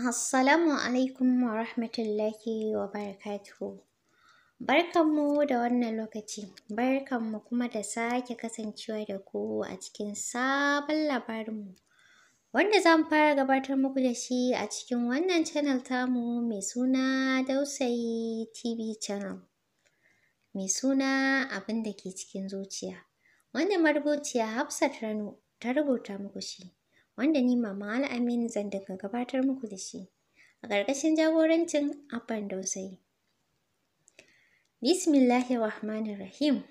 Assalamu alaikum wa rahmatullahi wa barakatuhu. Barkanmu da wannan lokaci, barkanmu kuma da sake kasancewa da ku a cikin sabon labarinmu. Wanda zan fara gabatar muku da shi a cikin wannan channel tamu mai suna Dausayi TV channel. Mai suna abinda ke cikin zuciya. Wanda marubuciya Hafsat Rano ta rubuta muku shi. wanda ni Mama Al'amin zan daga gabatar muku da shi a ƙarƙashin jagorancin Abban Dausayi. Bismillahi rahim.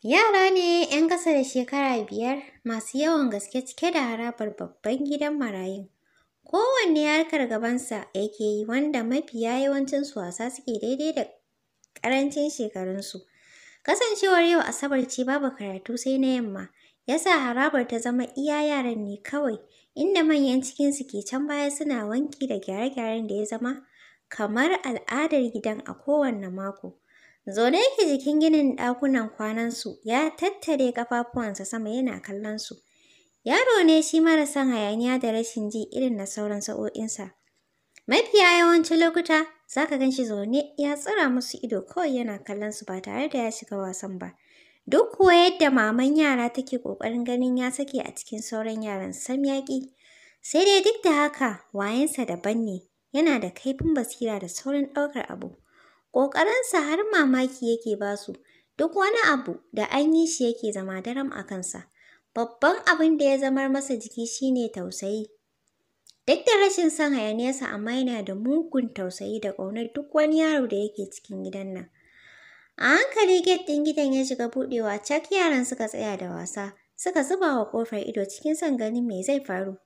Yara ne 'yan ƙasa da shekara biyar masu yawan gaske cike da harabar babban gidan marayun. Kowanne harkar gabansa yake yi wanda mafiya yawancin su wasa suke daidai da ƙarancin shekarunsu. Kasancewar yau Asabar ce babu karatu sai na yamma. ya sa harabar ta zama iya yaran ne kawai, inda manyan cikinsu ke can baya suna wanki da gyare-gyaren da ya zama kamar al'adar gidan a kowanne mako. Zaune yake jikin ginin ɗakunan kwanansu ya tattare ƙafafuwansa sama yana kallon su. Yaro ne shi mara son hayaniya da rashin ji irin na sauran sa'o'insa. Mafiya yawancin lokuta za ka gan shi zaune ya tsira musu ido kawai yana kallon su ba tare da ya shiga wasan ba. Duk kuwa yadda maman yara take ƙoƙarin ganin ya sake a cikin sauran yaran sam yaƙi. Sai dai duk da haka wayensa daban ne, yana da kaifin basira da sauran ɗaukar abu. Ƙoƙarinsa har mamaki yake su. duk wani abu da an yi shi yake zama daram a kansa. Babban abin da ya zamar masa jiki shine tausayi. Duk da rashin son hayaniyarsa amma yana da mugun tausayi da ƙaunar duk wani yaro da yake cikin gidan nan. A hankali get ɗin gidan ya shiga buɗewa cak yaran suka tsaya da wasa, suka zuba wa ƙofar ido cikin son ganin me zai faru.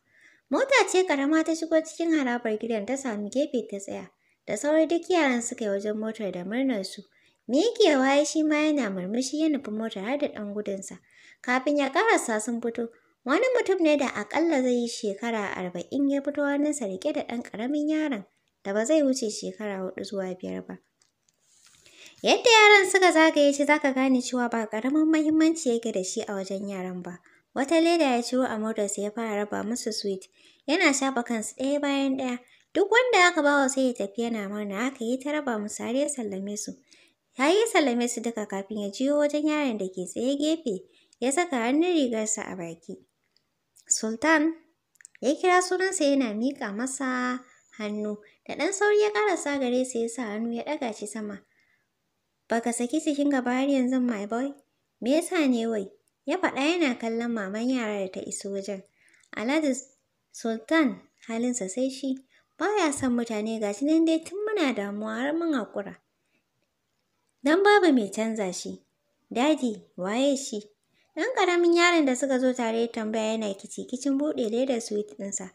Mota ce ƙarama ta shigo cikin harabar gidan ta sami gefe ta tsaya, da sauri duk yaran suka yi wajen motar da murnar su. mikewa ya shi ma yana murmushi ya nufi motar har da ɗan gudunsa. Kafin ya ƙarasa sun fito, wani mutum ne da aƙalla zai yi shekara arba'in ya fito hannunsa riƙe da ɗan ƙaramin yaron da ba zai wuce shekara huɗu zuwa biyar ba. Yadda yaran suka zagaye shi zaka gane cewa ba ƙaramin muhimmanci yake da shi a wajen yaran ba. Wata leda ya ciro a motarsa ya fara raba musu sweet. Yana shafa kansu ɗaya bayan ɗaya. Duk wanda aka bawa sai ya tafi yana murna haka yi ta raba musu har ya sallame su. Ya yi sallame su duka kafin ya jiyo wajen yaron da ke tsaye gefe. Ya saka hannun rigarsa a baki. Sultan ya kira sunansa yana miƙa masa hannu. Da ɗan sauri ya ƙarasa gare sa ya sa hannu ya ɗaga shi sama. Baka saki cikin gaba har yanzu my boy? Me yasa ne wai? Ya faɗa yana kallon maman yara da ta iso wajen. Alhaji Sultan halinsa sai shi. Ba ya san mutane ga shi nan dai tun muna damuwa har mun haƙura. Dan babu mai canza shi. Dadi waye shi? Ɗan ƙaramin yaron da suka zo tare tambaya yana kici kicin buɗe ledar sweet ɗinsa.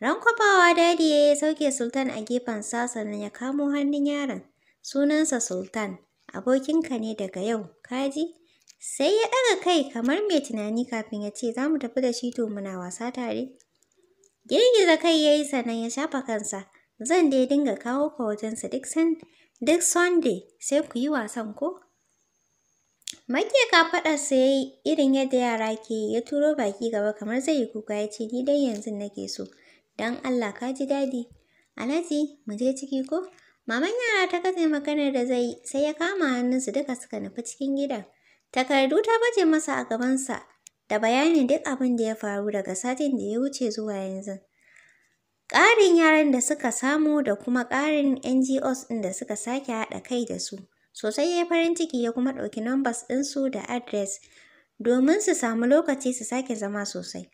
Rankwafawa dadi ya sauke Sultan a gefen sa sannan ya kamo hannun yaron. Sunansa Sultan. abokinka ne daga yau, kaji? Sai ya ɗaga kai kamar mai tunani kafin ya ce za mu tafi da shi to muna wasa tare. Girgiza kai ya yi sannan ya shafa kansa, zan dai dinga kawo ka wajensa duk duk Sunday sai ku yi wasan ko? Mage ka faɗa sai irin yadda yara ke ya turo baki gaba kamar zai yi kuka ya ce ni dai yanzu nake so, don Allah ka ji daɗi. Alhaji mu je ciki ko? Maman yara ta katse maganar da zai yi, sai ya kama hannunsu duka suka nufi cikin gidan. Takardu ta baje masa a gabansa da bayanin duk abin da ya faru daga satin da ya wuce zuwa yanzu. Ƙarin yaran da suka samu da kuma ƙarin NGOs ɗin da suka sake haɗa kai da su. Sosai ya farin ciki ya kuma ɗauki numbers ɗinsu da adres domin su samu lokaci su sake zama sosai.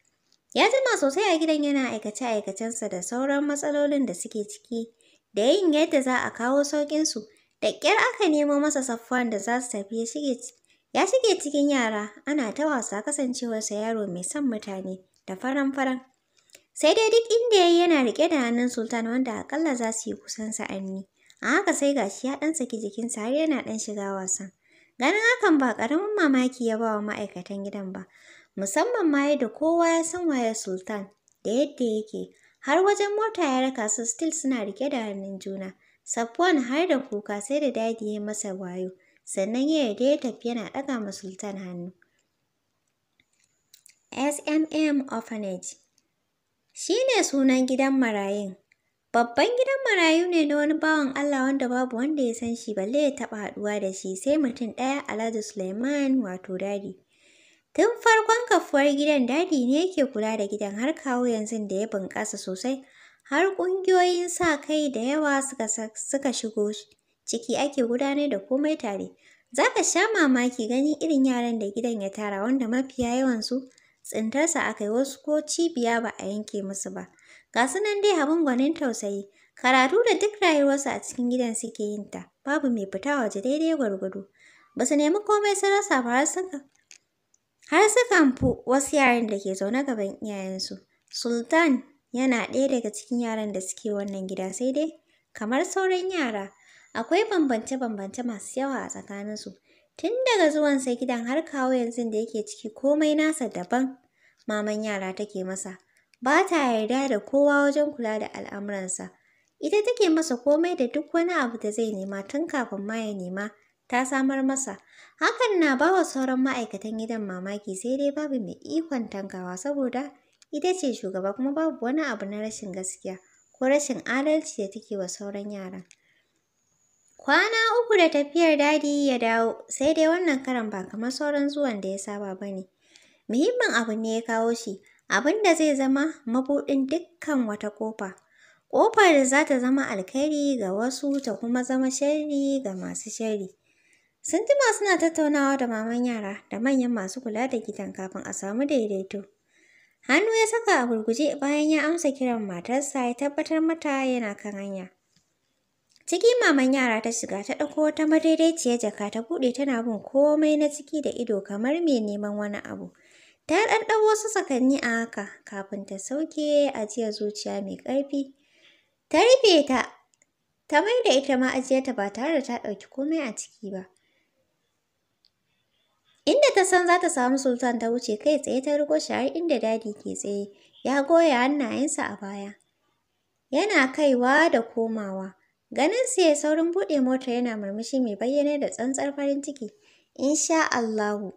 Ya jima sosai a gidan yana aikace-aikacensa da sauran matsalolin da suke ciki. da yin yadda za a kawo sauƙinsu. Da ƙyar aka nemo masa saffuwan da za su tafi ya shige cikin yara ana ta wasa kasancewarsa yaro mai son mutane da faran-faran. Sai dai duk inda ya yi yana riƙe da hannun Sultan wanda aƙalla za su yi kusan sa'anni. A haka sai gashi ya ɗan saki jikinsa har yana ɗan shiga wasan. Ganin hakan ba ƙaramin mamaki ya ba wa ma'aikatan gidan ba, musamman ma yadda kowa ya san waye Sultan da yadda yake, Har wajen mota ya raka su still suna rike da hannun juna. Safwan har da kuka sai da dadi ya masa wayo, sannan ya yarda ya tafi yana ɗaga ma Sultan hannu. SMM Orphanage shi ne sunan gidan marayun. Babban gidan marayu ne na wani bawan Allah wanda babu wanda ya san shi balle ya taɓa haɗuwa da shi sai mutum ɗaya Alhaji Suleiman wato dadi. Tun farkon kafuwar gidan dadi ne yake kula da gidan har kawo yanzu da ya bunƙasa sosai. Har ƙungiyoyin sa-kai da yawa suka shigo ciki ake gudanar da komai tare. Za ka sha mamaki ganin irin yaran da gidan ya tara wanda mafiya yawansu tsintarsa aka yi wasu ko cibiya ba a yanke musu ba. Ga su nan dai abin gwanin tausayi. Karatu da duk rayuwarsu a cikin gidan suke yin ta, babu mai fita waje daidai gwargwado. Ba su nemi komai sun rasa ba har sun Har sukan fi wasu yaran da ke zaune gaban iyayensu. Sultan yana ɗaya daga cikin yaran da suke wannan gida sai dai kamar sauran yara akwai bambance-bambance masu yawa a tsakaninsu. Tun daga zuwansa gidan har kawo yanzu da yake ciki komai nasa daban maman yara take masa. Ba ta yarda da kowa wajen kula da al'amuransa. Ita take masa komai da duk wani abu da zai nema tun kafin ma ya nema ta samar masa. Hakan na bawa sauran ma'aikatan gidan mamaki sai dai babu mai ikon tankawa saboda ita ce shugaba kuma babu wani abu na rashin gaskiya ko rashin adalci da take wa sauran yaran. Kwana uku da tafiyar dadi ya dawo sai dai wannan karan ba kamar sauran zuwan da ya saba ba ne. Muhimmin abu ne ya kawo shi abin da zai zama mabuɗin dukkan wata ƙofa. Ƙofar da za ta zama alkhairi ga wasu ta kuma zama sharri ga masu sharri. Sun suna tattaunawa da maman yara da manyan masu kula da gidan kafin a samu daidaito. Hannu ya saka a gurguje bayan ya amsa kiran matarsa ya tabbatar mata yana kan hanya. Ciki maman yara ta shiga ta ɗauko wata madaidaiciyar jaka ta buɗe tana bin komai na ciki da ido kamar mai neman wani abu. Ta ɗan ɗau wasu sakanni a haka kafin ta sauke ajiyar zuciya mai ƙarfi. Ta rufe ta, ta mai da ita ajiyata ba tare da ta ɗauki komai a ciki ba. Inda ta san za ta samu Sultan ta wuce kai tsaye ta riko shi har inda dadi ke tsaye, ya goya hannayensa a baya. Yana kaiwa da komawa. Ganin su ya saurin buɗe mota yana murmushi mai bayyana da tsantsar farin ciki. Insha Allahu,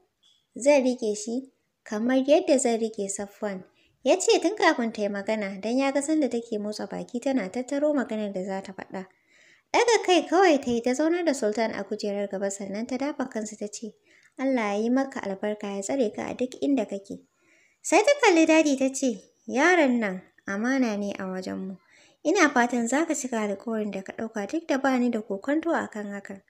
zan rike shi kamar yadda zan rike Safwan. Ya ce tun kafin ta yi magana don ya ga sanda take motsa baki tana tattaro maganar da za ta faɗa. Ɗaga kai kawai ta yi ta zaunar da Sultan a kujerar gaba sannan ta dafa kansa ta ce, Allah ya yi maka albarka ya tsare ka a duk inda kake. Sai ta kalli dadi ta ce, yaron nan amana ne a wajenmu. Ina fatan za ka cika alkawarin da ka ɗauka duk da bani da kokonto a kan hakan.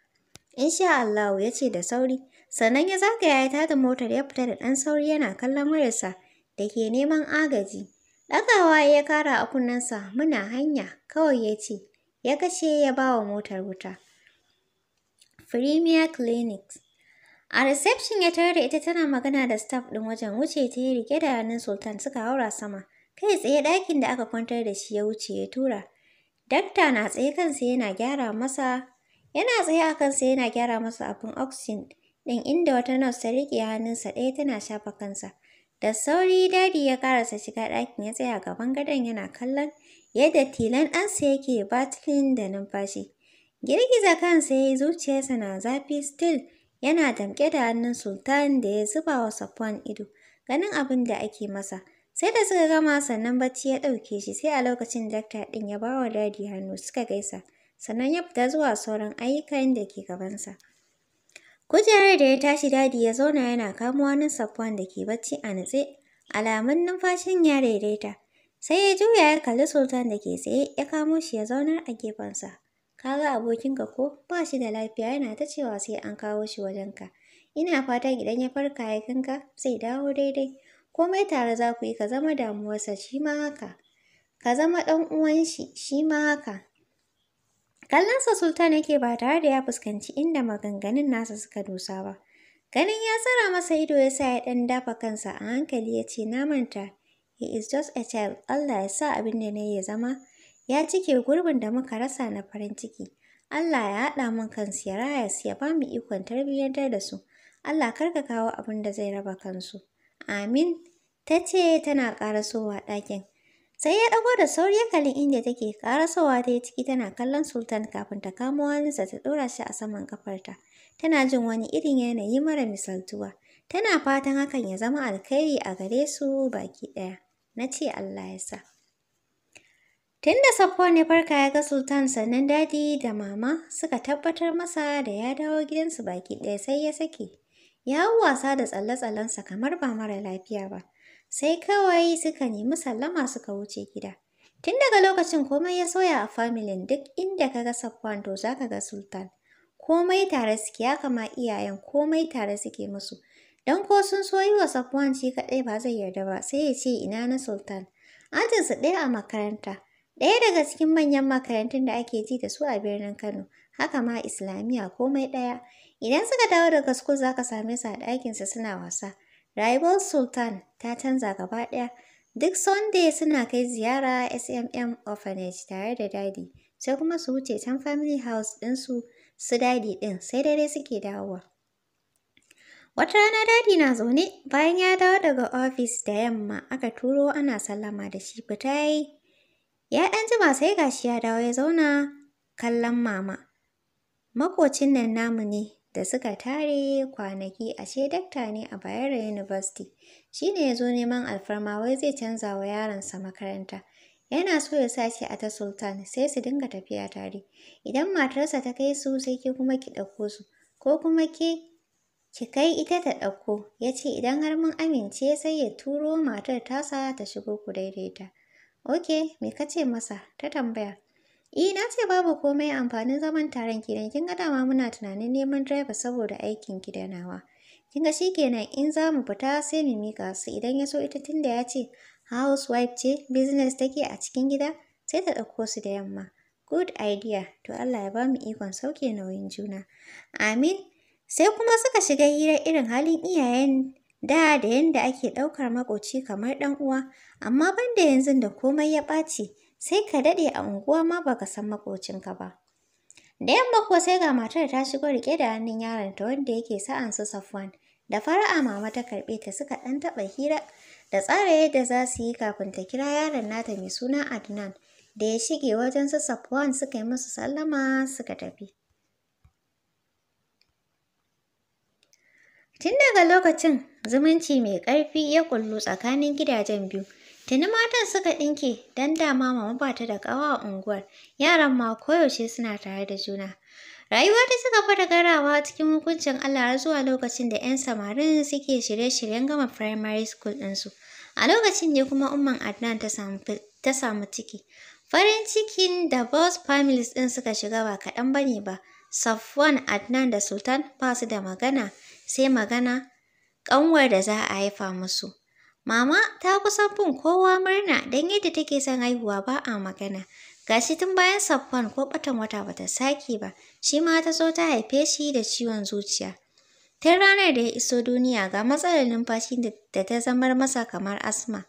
Insha Allahu ya ce da sauri, sannan ya zagaya ya tada motar ya fita da ɗan sauri yana kallon wayarsa da ke neman agaji. Ɗagawa ya kara a kunnensa muna hanya kawai ya ce, ya kashe ya bawa motar wuta. Premier Clinics A reception ya tare da ita tana magana da staff ɗin wajen wuce ta yi rike da hannun Sultan suka haura sama. Kai tsaye ɗakin da aka kwantar da shi ya wuce ya tura. Dakta na tsaye kansa yana gyara masa yana tsaye a kansa yana gyara masa abin oxygen din inda wata nurse ta riƙe hannunsa ɗaya tana shafa kansa. Da sauri dadi ya karasa shiga ɗakin ya tsaya gaban gadon yana kallon yadda tilan ɗansa yake batilin da numfashi. Girgiza kansa ya yi zuciyarsa na zafi still yana damƙe da hannun sultan da ya zuba wa Safwan ido, ganin abin da ake masa. Sai da suka gama sannan bacci ya ɗauke shi sai a lokacin dakta ɗin ya bawa dadi hannu suka gaisa, sannan ya fita zuwa sauran ayyukan da ke gabansa. Kujerar da ya tashi dadi ya zauna yana kamo wani Safwan da ke bacci a nutse, alamun numfashin ya daidaita. Sai ya juya ya kalli sultan da ke tsaye ya kamo shi ya zauna a gefensa. kaga abokinka ko ba shi da lafiya yana ta cewa sai an kawo shi wajenka ina fata idan ya farka ya kanka zai dawo daidai komai tare za ku yi ka zama damuwarsa shi ma haka ka zama ɗan uwan shi shi ma haka kallonsa sultan yake ba tare da ya fuskanci inda maganganun nasa suka dusa ba ganin ya tsara masa ido ya sa ya ɗan dafa kansa a hankali ya ce na manta he is just a child Allah ya sa abin da na yi ya zama ya cike gurbin da muka rasa na farin ciki. Allah ya haɗa mun kansu ya su ya ba mu ikon tarbiyyantar da su. Allah kar ka kawo abin da zai raba kansu. Amin. Ta ce tana ƙarasowa ɗakin. Sai ya ɗago da sauri ya kalli inda take ƙarasowa ta yi ciki tana kallon Sultan kafin ta kamo hannunsa ta ɗora shi a saman kafarta. Tana jin wani irin yanayi mara misaltuwa. Tana fatan hakan ya zama alkhairi a gare su baki ɗaya. Na ce Allah ya sa. Tun da Safwan ya farka ya ga Sultan sannan dadi da mama suka tabbatar masa da ya dawo gidansu baki ɗaya sai ya sake. Ya hau wasa da tsalle-tsallensa kamar ba mara lafiya ba. Sai kawai suka nemi sallama suka wuce gida. Tun daga lokacin komai ya soya a familin duk inda ka ga Safwan to za ka ga Sultan. Komai tare suke ya kama iyayen komai tare suke musu. Don ko sun so yi wa Safwan shi kaɗai ba zai yarda ba sai ya ce ina na Sultan. Ajinsu ɗaya a makaranta. Ɗaya daga cikin manyan makarantun da ake ji da su a birnin Kano, haka ma Islamiyya komai ɗaya. Idan suka dawo daga school za ka same su a ɗakinsa suna wasa. Rival Sultan ta canza gaba ɗaya. Duk Sunday suna kai ziyara SMM Orphanage tare da dadi, sai kuma su wuce can family house ɗinsu su dadi ɗin sai dare suke dawowa. Wata rana dadi na zaune bayan ya dawo daga ofis da yamma aka turo ana sallama da shi fita yayi Ya ɗan jima sai gashi ya dawo ya zauna kallon mama. Makocin nan namu ne da suka tare kwanaki ashe dakta ne a Bayero University. Shi ne ya zo neman alfarma wai zai canza wa yaransa makaranta. Yana so ya sace a ta Sultan sai su dinga tafiya tare. Idan matarsa ta kai su sai ke kuma ki ɗauko su, ko kuma ke ki kai ita ta ɗauko. Ya ce idan har mun amince sai ya turo matar tasa ta shigo ku daidaita. Ok, me ka ce masa? Ta tambaya. E, na ce babu komai amfanin zaman taron gidan. Kin ga dama muna tunanin neman driver saboda aikin gidanawa. Kin ga kenan in za mu fita sai mu mika su idan ya so ita tunda ya ce housewife ce business take a cikin gida sai ta ɗauko su da yamma. Good idea. To Allah ya ba mu ikon sauke nauyin juna. Amin. Sai kuma suka shiga hira irin halin iyayen da da yanda ake ɗaukar maƙoci kamar ɗan uwa, amma banda yanzu da komai ya ɓaci, sai ka daɗe a unguwa ma ba ka san maƙocinka ba. Da yamma kuwa sai ga matar ta shigo riƙe da hannun yaronta wanda yake sa'an su Safwan. Da fara'a mama ta karɓe ta suka ɗan taɓa hira da tsara yadda za su yi kafin ta kira yaron nata mai suna Adnan da ya shige wajen su Safwan suka yi musu sallama suka tafi. Tun daga lokacin zumunci mai ƙarfi ya kullu tsakanin gidajen biyu. Tuni matan suka ɗinke don dama ma mabata da ƙawa a unguwar, yaran ma koyaushe suna tare da juna. Rayuwa ta suka fara garawa cikin hukuncin Allah har zuwa lokacin da 'yan samarin suke shirye-shiryen gama primary school ɗinsu. A lokacin ne kuma umman Adnan ta samu ciki. Farin cikin da both families ɗin suka shiga ba kaɗan ba ne ba. Safwan, Adnan da Sultan ba su da magana. sai magana ƙanwar da za a haifa musu. Mama ta kusan bin kowa murna don yadda take son haihuwa ba a magana. Ga shi tun bayan saffon ko ɓatan wata bata sake ba, shi ma ta zo ta haife shi da ciwon zuciya. Tun ranar da ya iso duniya ga matsalar numfashi da ta zamar masa kamar asma.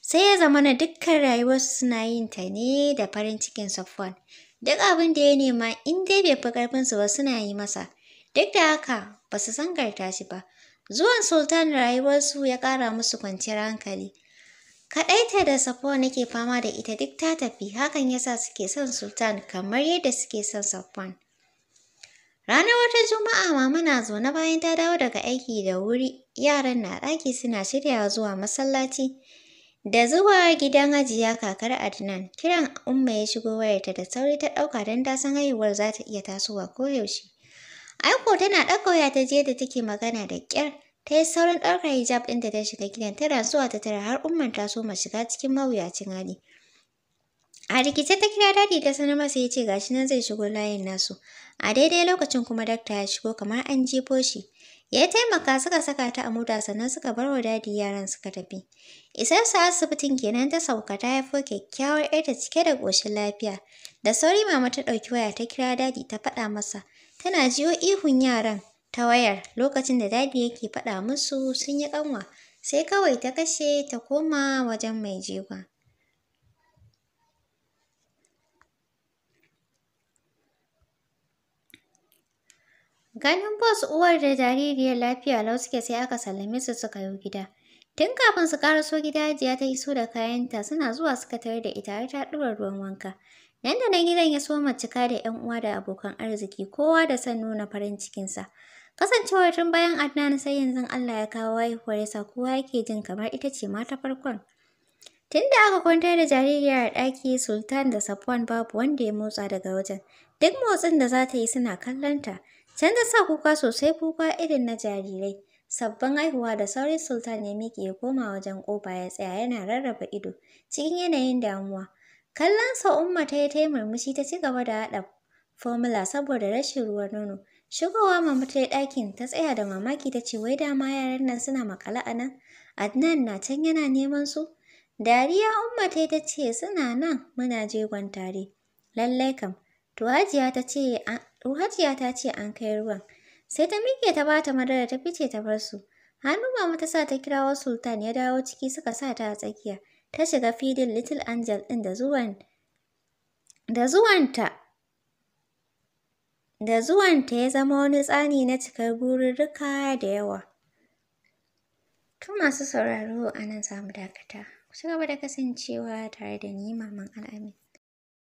Sai ya zama na dukkan rayuwarsu suna yin ta ne da farin cikin Safwan. Duk abin da ya nema in dai bai fi ƙarfinsu ba suna yi masa. Duk da haka ba su sangarta shi ba. Zuwan Sultan rayuwarsu ya ƙara musu kwanciyar hankali. Kaɗaita da Safo nake fama da ita duk ta tafi, hakan ya sa suke son Sultan kamar yadda suke son safuwan. Ranar wata Juma'a mama na zaune bayan ta dawo daga aiki da wuri, yaran na ɗaki suna shiryawa zuwa masallaci. Da zuwa gidan ajiya kakar Adnan, kiran Umma ya shigo wayarta da sauri ta ɗauka don ta san haihuwar za ta iya tasowa koyaushe. Aiko tana ɗaga waya ta je da take magana da ƙyar. Ta yi saurin ɗaukar hijab ɗin da ta shiga gidan tana zuwa ta tara har umman ta so shiga cikin mawuyacin hali. A rikice ta kira dadi ta sanar masa ya ce ga shi nan zai shigo layin nasu. A daidai lokacin kuma dakta ya shigo kamar an jefo shi. Ya taimaka suka saka ta a mota sannan suka bar wa dadi yaran suka tafi. Isar su asibitin kenan ta sauka ta haifo kyakkyawar ‘yarta cike da ƙoshin lafiya. Da sauri mama ta ɗauki waya ta kira dadi ta faɗa masa. Tana jiyo ihun yaran ta wayar lokacin da dadi yake faɗa musu sun yi ƙanwa, sai kawai ta kashe ta koma wajen mai jegon. Ganin bos uwar da jaririyar lafiya lau suke sai aka sallame su suka yi gida. Tun kafin su ƙaraso gida ta iso da kayanta suna zuwa suka tare da ita har ta ɗora ruwan wanka. Nan da na gidan ya soma cika da 'yan uwa da abokan arziki kowa da son nuna farin cikinsa. Kasancewar tun bayan Adnan sai yanzu Allah ya kawo haihuwar yasa kowa yake jin kamar ita ce ma ta farkon. Tun da aka kwantar da jaririyar a ɗaki Sultan da Safwan babu wanda ya motsa daga wajen. Duk motsin da za ta yi suna kallonta. Can da sa kuka sosai kuka irin na jarirai. Sabbin haihuwa da sauri Sultan ya miƙe ya koma wajen ƙofa ya tsaya yana rarraba ido cikin yanayin damuwa. Kallon sa Umma ta yi ta yi murmushi ta ci gaba da haɗa fomula saboda rashin ruwan nono. Shigowa mama ta yi ɗakin ta tsaya da mamaki ta ce wai dama yaran nan suna makale a nan. Adnan na can yana neman su. Dariya Umma ta yi ta ce suna nan muna jegon tare. Lallai kam. To Hajiya ta ce Hajiya ta ce an kai ruwan. Sai ta miƙe ta bata madara ta fice ta bar su. Hannu mama ta sa ta kirawo Sultan ya dawo ciki suka sa ta a tsakiya. ta shiga filin Little Angel ɗin da zuwan da zuwanta da zuwanta ya zama wani tsani na cikar bururruka da yawa. To masu sauraro a nan za dakata. Ku ci gaba da kasancewa tare da ni Maman Al'amin.